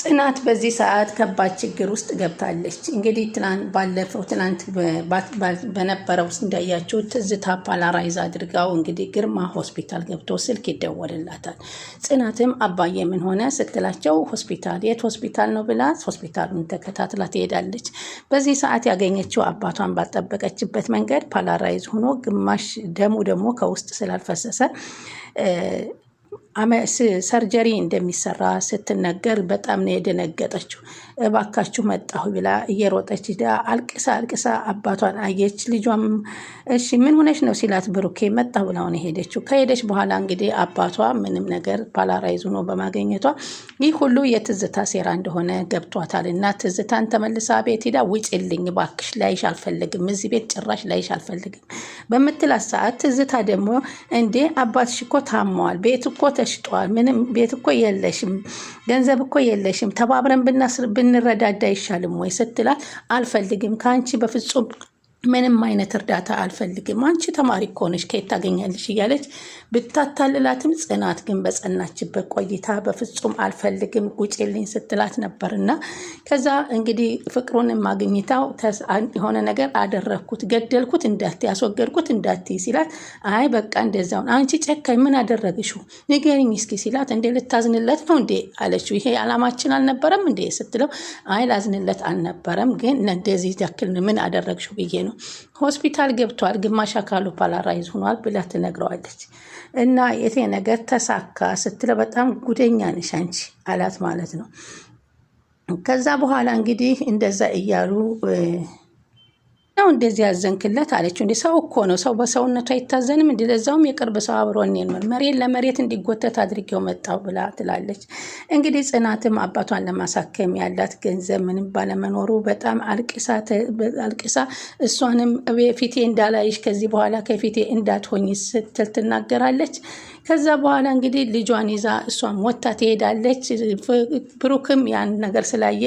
ጽናት በዚህ ሰዓት ከባድ ችግር ውስጥ ገብታለች። እንግዲህ ትናንት ባለፈው ትናንት በነበረው እንዳያቸው ትዝታ ፓላራይዝ አድርጋው እንግዲህ ግርማ ሆስፒታል ገብቶ ስልክ ይደወልላታል። ጽናትም አባዬ ምን ሆነ ስትላቸው ሆስፒታል የት ሆስፒታል ነው ብላ ሆስፒታሉን ተከታትላ ትሄዳለች። በዚህ ሰዓት ያገኘችው አባቷን ባልጠበቀችበት መንገድ ፓላራይዝ ሆኖ ግማሽ ደሙ ደግሞ ከውስጥ ስላልፈሰሰ ሰርጀሪ እንደሚሰራ ስትነገር በጣም ነው የደነገጠችው። እባካችሁ መጣሁ ብላ እየሮጠች ሂዳ አልቅሳ አልቅሳ አባቷን አየች። ልጇም እሺ ምን ሆነች ነው ሲላት ብሩኬ መጣሁ ብላ ነው የሄደችው። ከሄደች በኋላ እንግዲህ አባቷ ምንም ነገር ፓላራይዝ ሆኖ በማገኘቷ ይህ ሁሉ የትዝታ ሴራ እንደሆነ ገብቷታል። እና ትዝታን ተመልሳ ቤት ሂዳ ውጭልኝ ባክሽ፣ ላይሽ አልፈልግም፣ እዚህ ቤት ጭራሽ ላይሽ አልፈልግም በምትላት ሰዓት ትዝታ ደግሞ እንዴ አባትሽ እኮ ታመዋል ቤት እኮ ተበሽጧል፣ ምንም ቤት እኮ የለሽም፣ ገንዘብ እኮ የለሽም፣ ተባብረን ብንረዳዳ አይሻልም ወይ ስትላት አልፈልግም ከአንቺ በፍጹም ምንም አይነት እርዳታ አልፈልግም፣ አንቺ ተማሪ እኮ ነሽ ከየት ታገኛለሽ? እያለች ብታታልላትም ጽናት ግን በጸናችበት ቆይታ በፍጹም አልፈልግም ውጪልኝ ስትላት ነበር እና ከዛ እንግዲህ ፍቅሩን ማግኝታው የሆነ ነገር አደረግኩት፣ ገደልኩት፣ እንዳት ያስወገድኩት እንዳት ሲላት አይ በቃ እንደዛውን አንቺ ጨካኝ ምን አደረግሽው ንገሪኝ እስኪ ሲላት እንዴ ልታዝንለት ነው እንዴ አለችው። ይሄ አላማችን አልነበረም እንዴ ስትለው አይ ላዝንለት አልነበረም፣ ግን እንደዚህ ያክል ምን አደረግሽው ብዬ ነው ነው። ሆስፒታል ገብቷል፣ ግማሽ አካሉ ፓላራይዝ ሆኗል ብላ ትነግረዋለች። እና የቴ ነገር ተሳካ ስትለ በጣም ጉደኛ ነሽ አንቺ አላት ማለት ነው። ከዛ በኋላ እንግዲህ እንደዛ እያሉ ነው እንደዚህ ያዘንክለት አለችው። እንደ ሰው እኮ ነው ሰው በሰውነቱ አይታዘንም። እንዲ ለዛውም የቅርብ ሰው አብሮን ነው መሬት ለመሬት እንዲጎተት አድርጌው መጣው ብላ ትላለች። እንግዲህ ጽናትም አባቷን ለማሳከም ያላት ገንዘብ ምንም ባለመኖሩ በጣም አልቅሳ እሷንም ፊቴ እንዳላይሽ ከዚህ በኋላ ከፊቴ እንዳትሆኝ ስትል ትናገራለች። ከዛ በኋላ እንግዲህ ልጇን ይዛ እሷም ወታ ትሄዳለች። ብሩክም ያን ነገር ስላየ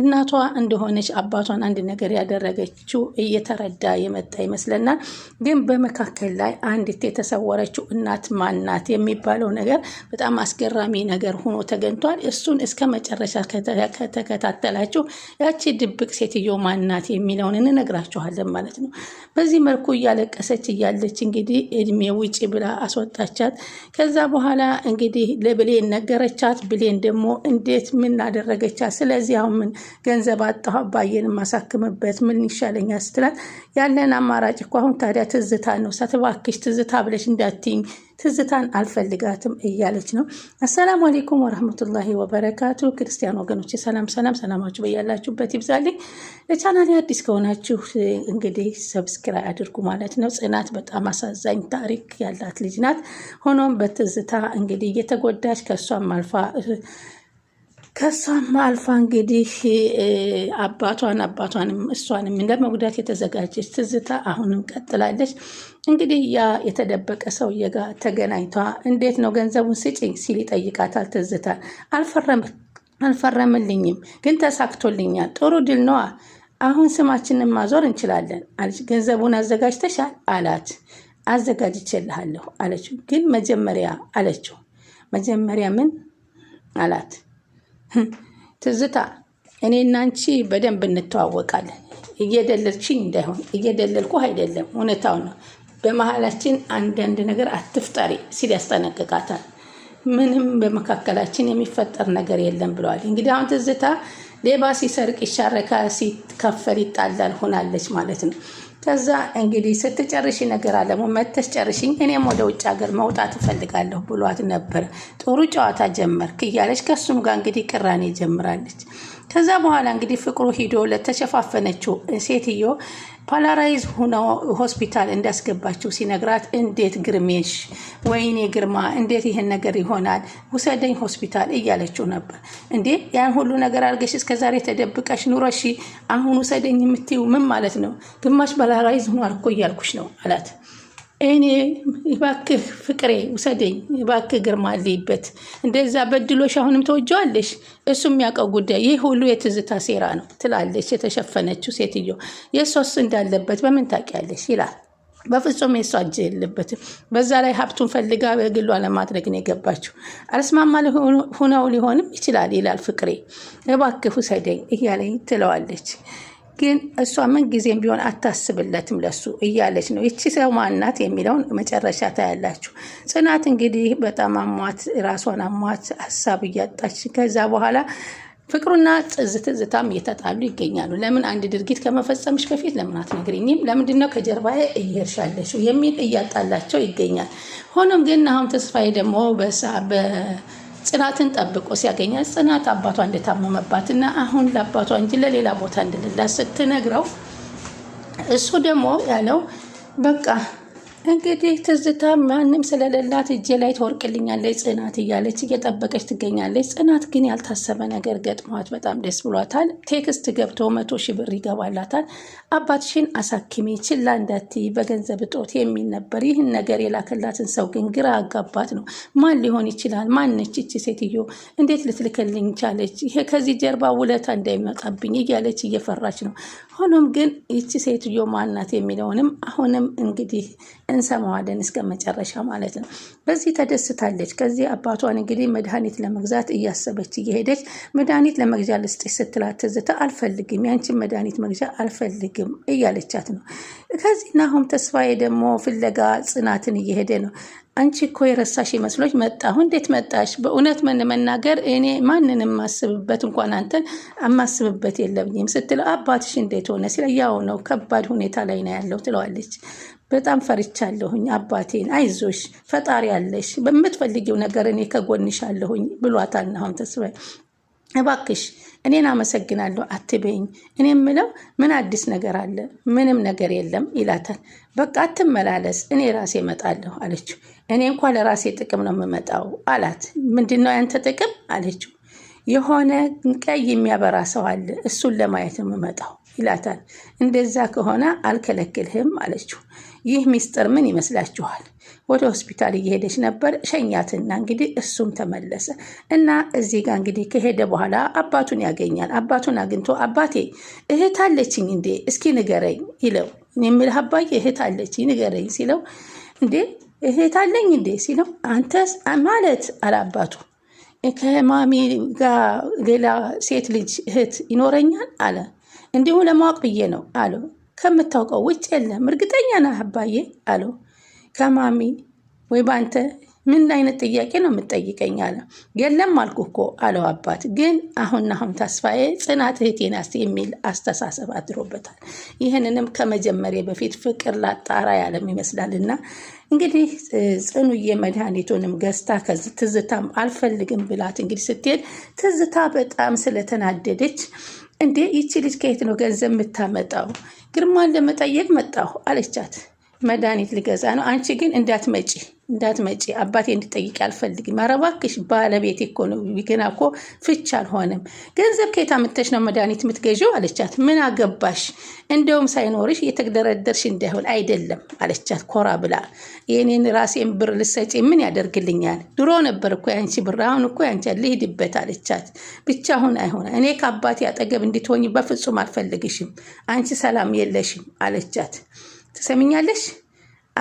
እናቷ እንደሆነች አባቷን አንድ ነገር ያደረገችው እየተረዳ የመጣ ይመስለናል። ግን በመካከል ላይ አንዲት የተሰወረችው እናት ማናት የሚባለው ነገር በጣም አስገራሚ ነገር ሆኖ ተገኝቷል። እሱን እስከ መጨረሻ ከተከታተላችሁ ያቺ ድብቅ ሴትዮ ማናት የሚለውን እንነግራችኋለን ማለት ነው። በዚህ መልኩ እያለቀሰች እያለች እንግዲህ እድሜ ውጪ ብላ አስወጣቻት። ከዛ በኋላ እንግዲህ ለብሌን ነገረቻት። ብሌን ደግሞ እንዴት ምን አደረገቻት? ስለዚህ አሁን ምን ገንዘብ አጣሁ አባዬን የማሳክምበት ምን ይሻለኛል ስትላት ያለን አማራጭ እኮ አሁን ታዲያ ትዝታ ነው። ሳትባክሽ ትዝታ ብለሽ እንዳትኝ ትዝታን አልፈልጋትም እያለች ነው። አሰላሙ አሌይኩም ወረህመቱላሂ ወበረካቱ። ክርስቲያን ወገኖች ሰላም ሰላም፣ ሰላማችሁ በያላችሁበት ይብዛልኝ። ለቻናሌ አዲስ ከሆናችሁ እንግዲህ ሰብስክራይብ አድርጉ ማለት ነው። ጽናት በጣም አሳዛኝ ታሪክ ያላት ልጅ ናት። ሆኖም በትዝታ እንግዲህ እየተጎዳች ከእሷም አልፋ ከሷም አልፋ እንግዲህ አባቷን አባቷንም እሷንም መጉዳት የተዘጋጀች ትዝታ አሁንም ቀጥላለች። እንግዲህ ያ የተደበቀ ሰውዬ ጋር ተገናኝቷ እንዴት ነው ገንዘቡን ስጭኝ ሲል ይጠይቃታል። ትዝታ አልፈረምልኝም፣ ግን ተሳክቶልኛል። ጥሩ ድል ነዋ። አሁን ስማችንን ማዞር እንችላለን አለች። ገንዘቡን አዘጋጅተሻል አላት። አዘጋጅቼልሃለሁ አለችው። ግን መጀመሪያ አለችው። መጀመሪያ ምን አላት? ትዝታ እኔ እናንቺ በደንብ እንተዋወቃለን። እየደለልችኝ እንዳይሆን እየደለልኩ አይደለም፣ እውነታው ነው። በመሀላችን አንዳንድ ነገር አትፍጠሪ ሲል ያስጠነቅቃታል። ምንም በመካከላችን የሚፈጠር ነገር የለም ብለዋል። እንግዲህ አሁን ትዝታ ሌባ ሲሰርቅ ይሻረካል፣ ሲከፈል ይጣላል ሆናለች ማለት ነው። ከዛ እንግዲህ ስትጨርሽ ነገር አለሙ መተሽ ጨርሽኝ፣ እኔም ወደ ውጭ ሀገር መውጣት እፈልጋለሁ ብሏት ነበር። ጥሩ ጨዋታ ጀመርክ እያለች ከሱም ጋር እንግዲህ ቅራኔ ጀምራለች። ከዛ በኋላ እንግዲህ ፍቅሩ ሂዶ ለተሸፋፈነችው ሴትዮ ፓላራይዝ ሆኖ ሆስፒታል እንዳስገባችው ሲነግራት፣ እንዴት ግርሜሽ፣ ወይኔ ግርማ፣ እንዴት ይህን ነገር ይሆናል? ውሰደኝ ሆስፒታል እያለችው ነበር። እንዴ ያን ሁሉ ነገር አድርገሽ እስከዛሬ ተደብቀሽ ኑረሽ አሁን ውሰደኝ የምትይው ምን ማለት ነው? ግማሽ ፓላራይዝ ሆኗል እኮ እያልኩሽ ነው አላት። እኔ እባክህ ፍቅሬ ውሰደኝ እባክህ ግርማ ልይበት። እንደዛ በድሎሽ አሁንም ተወጀዋለሽ። እሱ የሚያውቀው ጉዳይ ይህ ሁሉ የትዝታ ሴራ ነው ትላለች የተሸፈነችው ሴትዮ። የእሷስ እንዳለበት በምን ታውቂያለሽ ይላል። በፍጹም የእሷ እጅ የለበትም። በዛ ላይ ሀብቱን ፈልጋ በግሏ ለማድረግ ነው የገባችው። አልስማማ ሁነው ሊሆንም ይችላል ይላል ፍቅሬ። እባክህ ውሰደኝ እያለኝ ትለዋለች። ግን እሷ ምን ጊዜም ቢሆን አታስብለትም ለሱ እያለች ነው። ይቺ ሰው ማናት የሚለውን መጨረሻ ታያላችሁ። ጽናት እንግዲህ በጣም አሟት፣ ራሷን አሟት፣ ሀሳብ እያጣች ከዛ በኋላ ፍቅሩና ትዝ ትዝታም እየተጣሉ ይገኛሉ። ለምን አንድ ድርጊት ከመፈጸምሽ በፊት ለምን አትነግሪኝም? ለምንድን ነው ከጀርባዬ እየሄድሻለሽ? የሚል እያጣላቸው ይገኛል። ሆኖም ግን አሁን ተስፋዬ ደግሞ ጽናትን ጠብቆ ሲያገኛት ጽናት አባቷ እንደታመመባት እና አሁን ለአባቷ እንጂ ለሌላ ቦታ እንደሌላት ስትነግረው እሱ ደግሞ ያለው በቃ እንግዲህ ትዝታ ማንም ስለሌላት እጄ ላይ ትወርቅልኛለች ጽናት እያለች እየጠበቀች ትገኛለች። ጽናት ግን ያልታሰበ ነገር ገጥሟት በጣም ደስ ብሏታል። ቴክስት ገብቶ መቶ ሺህ ብር ይገባላታል። አባትሽን አሳክሜ ችላ እንዳትዪ በገንዘብ እጦት የሚል ነበር። ይህን ነገር የላከላትን ሰው ግን ግራ አጋባት ነው። ማን ሊሆን ይችላል? ማነች እች ሴትዮ? እንዴት ልትልክልኝ ቻለች? ይሄ ከዚህ ጀርባ ውለታ እንዳይመጣብኝ እያለች እየፈራች ነው። ሆኖም ግን ይቺ ሴትዮ ማናት የሚለውንም አሁንም እንግዲህ እንሰማዋለን እስከ መጨረሻ ማለት ነው። በዚህ ተደስታለች። ከዚህ አባቷን እንግዲህ መድኃኒት ለመግዛት እያሰበች እየሄደች መድኃኒት ለመግዣ ልስጥ ስትላት ትዝታ አልፈልግም፣ ያንቺን መድኃኒት መግዣ አልፈልግም እያለቻት ነው። ከዚህ ናሆም ተስፋዬ ደግሞ ፍለጋ ጽናትን እየሄደ ነው። አንቺ እኮ የረሳሽ መስሎች መጣሁ። እንዴት መጣሽ? በእውነት ምን መናገር እኔ ማንን የማስብበት እንኳን አንተን የማስብበት የለብኝም ስትለው አባትሽ እንዴት ሆነ ሲለ ያው ነው ከባድ ሁኔታ ላይ ነው ያለው ትለዋለች። በጣም ፈርቻለሁኝ አባቴን፣ አይዞሽ ፈጣሪ አለሽ፣ በምትፈልጊው ነገር እኔ ከጎንሽ አለሁኝ ብሏታል። አሁን ተስፋዬ እባክሽ እኔን አመሰግናለሁ አትበይኝ። እኔ የምለው ምን አዲስ ነገር አለ? ምንም ነገር የለም ይላታል። በቃ አትመላለስ፣ እኔ ራሴ እመጣለሁ አለችው። እኔ እንኳ ለራሴ ጥቅም ነው የምመጣው አላት። ምንድን ነው ያንተ ጥቅም አለችው። የሆነ ቀይ የሚያበራ ሰው አለ፣ እሱን ለማየት ነው የምመጣው ይላታል። እንደዛ ከሆነ አልከለክልህም አለችው። ይህ ሚስጥር ምን ይመስላችኋል? ወደ ሆስፒታል እየሄደች ነበር ሸኛትና እንግዲህ እሱም ተመለሰ እና እዚህ ጋር እንግዲህ ከሄደ በኋላ አባቱን ያገኛል። አባቱን አግኝቶ አባቴ እህት አለችኝ እንዴ እስኪ ንገረኝ ይለው የሚልህ አባዬ እህት አለችኝ ንገረኝ ሲለው እንዴ እህት አለኝ እንዴ ሲለው አንተስ ማለት አላባቱ ከማሚ ጋር ሌላ ሴት ልጅ እህት ይኖረኛል አለ እንዲሁ ለማወቅ ብዬ ነው አለው ከምታውቀው ውጭ የለም። እርግጠኛ ነህ አባዬ አለው። ከማሚ ወይ በአንተ ምን አይነት ጥያቄ ነው የምትጠይቀኝ? አለ። የለም አልኩ እኮ አለው አባት። ግን አሁን አሁን ተስፋዬ ጽናት እህቴ ናት የሚል አስተሳሰብ አድሮበታል። ይህንንም ከመጀመሪያ በፊት ፍቅር ላጣራ ያለም ይመስላል እና እንግዲህ ጽኑዬ መድኃኒቱንም ገዝታ ትዝታም አልፈልግም ብላት እንግዲህ ስትሄድ ትዝታ በጣም ስለተናደደች እንዴ ይቺ ልጅ ከየት ነው ገንዘብ የምታመጣው? ግርማን ለመጠየቅ መጣሁ አለቻት። መድኃኒት ልገዛ ነው። አንቺ ግን እንዳትመጪ እንዳትመጪ አባቴ እንድጠይቅ አልፈልግም። ኧረ እባክሽ ባለቤቴ እኮ ነው፣ ግና እኮ ፍች አልሆነም። ገንዘብ ከየት አምጥተሽ ነው መድኃኒት የምትገዢው አለቻት። ምን አገባሽ እንደውም ሳይኖርሽ የተደረደርሽ እንዳይሆን አይደለም አለቻት ኮራ ብላ። የኔን ራሴን ብር ልሰጪ ምን ያደርግልኛል? ድሮ ነበር እኮ ያንቺ ብር፣ አሁን እኮ ያንቺ ልሂድበት አለቻት። ብቻ አሁን አይሆነ እኔ ከአባቴ አጠገብ እንድትሆኝ በፍጹም አልፈልግሽም። አንቺ ሰላም የለሽም አለቻት። ትሰሚኛለሽ?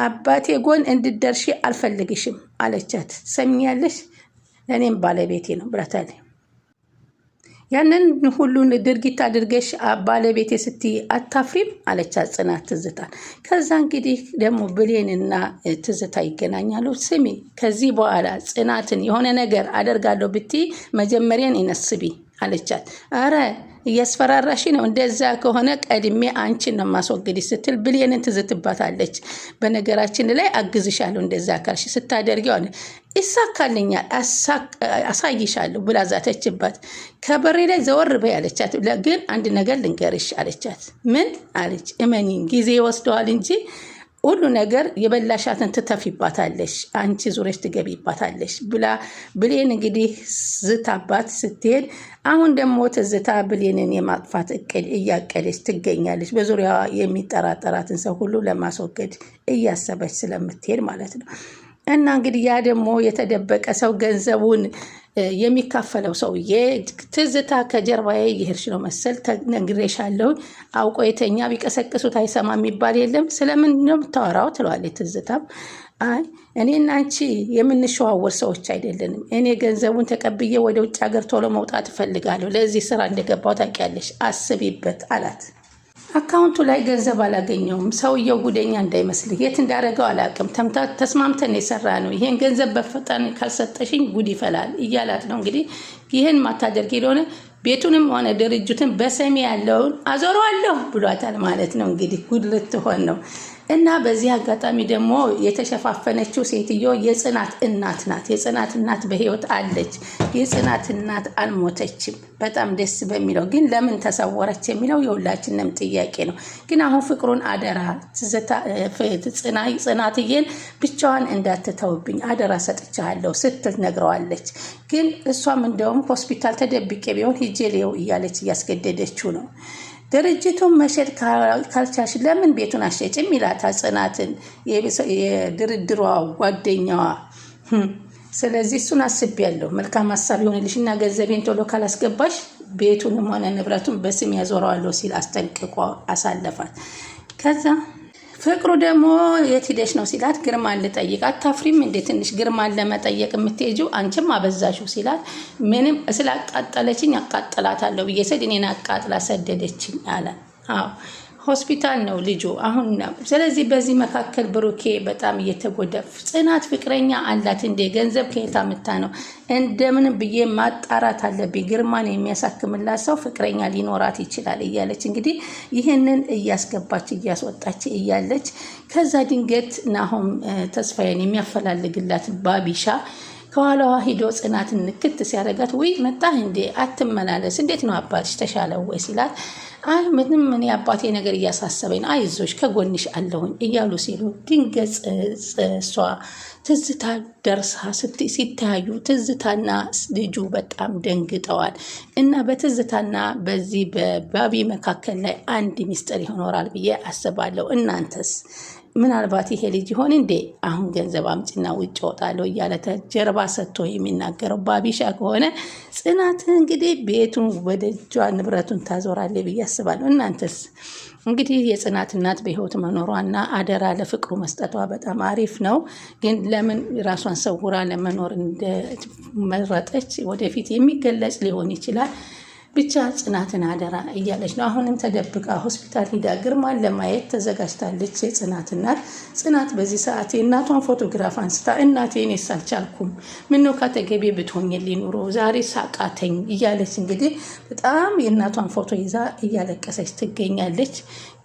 አባቴ ጎን እንድደርሺ አልፈልግሽም አለቻት። ትሰሚኛለሽ? እኔም ባለቤቴ ነው ብላታለች። ያንን ሁሉን ድርጊት አድርገሽ ባለቤቴ ስትይ አታፍሪም አለቻት ጽናት ትዝታን። ከዛ እንግዲህ ደግሞ ብሌንና ትዝታ ይገናኛሉ። ስሚ ከዚህ በኋላ ጽናትን የሆነ ነገር አደርጋለሁ ብትይ መጀመሪያን ይነስቢ አለቻት። አረ እያስፈራራሽ ነው። እንደዛ ከሆነ ቀድሜ አንቺን ነው የማስወግድሽ ስትል ብሌንን ትዝትባታለች። በነገራችን ላይ አግዝሻለሁ እንደዛ ካልሽ ስታደርጊው ሆነ ይሳካልኛል አሳይሻለሁ ብላ ዛተችባት። ከበሬ ላይ ዘወር በይ አለቻት። ግን አንድ ነገር ልንገርሽ አለቻት። ምን አለች? እመኒን ጊዜ ይወስደዋል እንጂ ሁሉ ነገር የበላሻትን ትተፊባታለሽ፣ አንቺ ዙረሽ ትገቢባታለሽ ብላ ብሌን እንግዲህ ዝታባት ስትሄድ፣ አሁን ደግሞ ትዝታ ብሌንን የማጥፋት እቅድ እያቀደች ትገኛለች። በዙሪያዋ የሚጠራጠራትን ሰው ሁሉ ለማስወገድ እያሰበች ስለምትሄድ ማለት ነው። እና እንግዲህ ያ ደግሞ የተደበቀ ሰው ገንዘቡን የሚካፈለው ሰውዬ ትዝታ ከጀርባዬ እየሄድሽ ነው መሰል ነግሬሻለሁ፣ አውቆ የተኛ ቢቀሰቅሱት አይሰማ የሚባል የለም። ስለምን ነው የምታወራው? ትለዋለች ትዝታም አይ እኔና አንቺ የምንሸዋወር ሰዎች አይደለንም። እኔ ገንዘቡን ተቀብዬ ወደ ውጭ ሀገር ቶሎ መውጣት እፈልጋለሁ። ለዚህ ስራ እንደገባው ታውቂያለሽ፣ አስቢበት አላት። አካውንቱ ላይ ገንዘብ አላገኘውም። ሰውየው ጉደኛ እንዳይመስልህ፣ የት እንዳደረገው አላውቅም። ተስማምተን የሰራ ነው። ይሄን ገንዘብ በፈጠን ካልሰጠሽኝ ጉድ ይፈላል እያላት ነው። እንግዲህ ይህን ማታደርግ የሆነ ቤቱንም ሆነ ድርጅቱን በሰሜ ያለውን አዞረዋለሁ ብሏታል ማለት ነው። እንግዲህ ጉድ ልትሆን ነው። እና በዚህ አጋጣሚ ደግሞ የተሸፋፈነችው ሴትዮ የጽናት እናት ናት። የጽናት እናት በህይወት አለች። የጽናት እናት አልሞተችም። በጣም ደስ በሚለው ግን ለምን ተሰወረች የሚለው የሁላችንም ጥያቄ ነው። ግን አሁን ፍቅሩን አደራ ጽናትዬን ብቻዋን እንዳትተውብኝ አደራ ሰጥቻለሁ ስትል ነግረዋለች። ግን እሷም እንደውም ሆስፒታል ተደብቄ ቢሆን ሂጄ ልየው እያለች እያስገደደችው ነው ድርጅቱን መሸጥ ካልቻልሽ ለምን ቤቱን አሸጭም? ይላታል ጽናትን የድርድሯ ጓደኛዋ። ስለዚህ እሱን አስቤያለሁ። መልካም ሀሳብ የሆንልሽና ገንዘቤን ቶሎ ካላስገባሽ ቤቱንም ሆነ ንብረቱን በስም ያዞረዋለሁ ሲል አስጠንቅቆ አሳለፋት። ከዛ ፍቅሩ ደግሞ የት ሄደሽ ነው ሲላት ግርማን ልጠይቅ አታፍሪም እንዴ ትንሽ ግርማን ለመጠየቅ የምትሄጂው አንቺም አበዛሽው ሲላት ምንም ስላቃጠለችኝ አቃጥላታለሁ ብዬ ስድ እኔን አቃጥላ ሰደደችኝ አለ አዎ ሆስፒታል ነው ልጁ አሁን ነው። ስለዚህ በዚህ መካከል ብሩኬ በጣም እየተጎደፍ ጽናት ፍቅረኛ አላት እንዴ? ገንዘብ ከየት አምታ ነው? እንደምን ብዬ ማጣራት አለብኝ። ግርማን የሚያሳክምላት ሰው ፍቅረኛ ሊኖራት ይችላል እያለች እንግዲህ ይህንን እያስገባች እያስወጣች እያለች ከዛ ድንገት ናሆም ተስፋዬን የሚያፈላልግላት ባቢሻ ከኋላዋ ሂዶ ጽናትን ንክት ሲያደርጋት ውይ መጣህ እንዴ አትመላለስ፣ እንዴት ነው አባትሽ ተሻለው ወይ ሲላት አይ ምንም እኔ አባቴ ነገር እያሳሰበኝ ነው፣ አይዞሽ ከጎንሽ አለሁኝ እያሉ ሲሉ ድንገት እሷ ትዝታ ደርሳ ሲተያዩ ትዝታና ልጁ በጣም ደንግጠዋል። እና በትዝታና በዚህ በባቢ መካከል ላይ አንድ ሚስጥር ይኖራል ብዬ አስባለሁ። እናንተስ ምናልባት ይሄ ልጅ ይሆን እንዴ አሁን ገንዘብ አምጪና ውጭ ወጣለሁ እያለ ተጀርባ ሰጥቶ የሚናገረው ባቢሻ ከሆነ ጽናት እንግዲህ ቤቱን ወደ እጇ ንብረቱን ታዞራለች ብዬ አስባለሁ። እናንተስ? እንግዲህ የጽናት እናት በህይወት መኖሯና አደራ ለፍቅሩ መስጠቷ በጣም አሪፍ ነው። ግን ለምን ራሷን ሰውራ ለመኖር እንደመረጠች ወደፊት የሚገለጽ ሊሆን ይችላል። ብቻ ጽናትን አደራ እያለች ነው። አሁንም ተደብቃ ሆስፒታል ሂዳ ግርማን ለማየት ተዘጋጅታለች የጽናት እናት። ጽናት በዚህ ሰዓት የእናቷን ፎቶግራፍ አንስታ እናቴ እኔስ አልቻልኩም፣ ምነው ካጠገቤ ብትሆኝልኝ ኑሮ ዛሬ ሳቃተኝ እያለች እንግዲህ በጣም የእናቷን ፎቶ ይዛ እያለቀሰች ትገኛለች።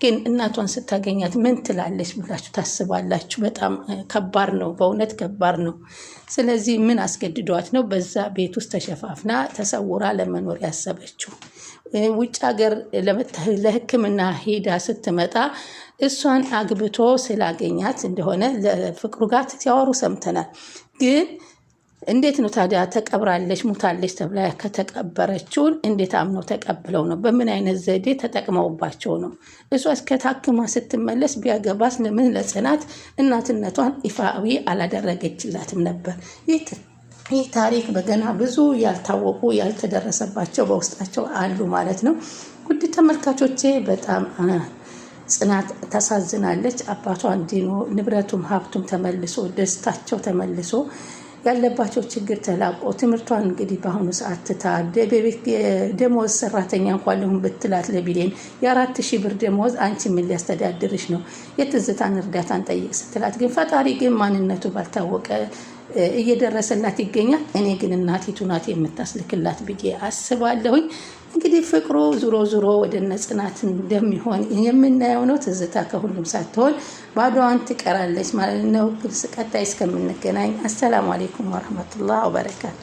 ግን እናቷን ስታገኛት ምን ትላለች ብላችሁ ታስባላችሁ? በጣም ከባድ ነው፣ በእውነት ከባድ ነው። ስለዚህ ምን አስገድዷት ነው በዛ ቤት ውስጥ ተሸፋፍና ተሰውራ ለመኖር ያሰበችው? ውጭ ሀገር ለሕክምና ሄዳ ስትመጣ እሷን አግብቶ ስላገኛት እንደሆነ ለፍቅሩ ጋር ሲያወሩ ሰምተናል ግን እንዴት ነው ታዲያ ተቀብራለች ሙታለች ተብላ ከተቀበረችውን እንዴት አምነው ተቀብለው ነው? በምን አይነት ዘዴ ተጠቅመውባቸው ነው? እሷ እስከታክማ ስትመለስ ቢያገባስ ለምን ለጽናት እናትነቷን ይፋዊ አላደረገችላትም ነበር? ይህ ታሪክ በገና ብዙ ያልታወቁ ያልተደረሰባቸው በውስጣቸው አሉ ማለት ነው። ውድ ተመልካቾቼ በጣም ጽናት ታሳዝናለች። አባቷ እንዲኖ ንብረቱም ሀብቱም ተመልሶ ደስታቸው ተመልሶ ያለባቸው ችግር ተላቆ ትምህርቷን እንግዲህ በአሁኑ ሰዓት ትታ ደሞዝ ሰራተኛ እንኳን ለሁን ብትላት ለቢሌን የአራት ሺህ ብር ደሞዝ አንቺ ምን ሊያስተዳድርሽ ነው? የትዝታን እርዳታን ጠይቅ ስትላት ግን ፈጣሪ ግን ማንነቱ ባልታወቀ እየደረሰላት ይገኛል። እኔ ግን እናቲቱ ናት የምታስልክላት ብዬ አስባለሁኝ። እንግዲህ ፍቅሩ ዙሮ ዙሮ ወደ እነ ጽናት እንደሚሆን የምናየው ነው። ትዝታ ከሁሉም ሳትሆን ባዶዋን ትቀራለች ማለት ነው። ቀጣይ እስከምንገናኝ አሰላሙ አሌይኩም ወረህመቱላህ ወበረካቱ።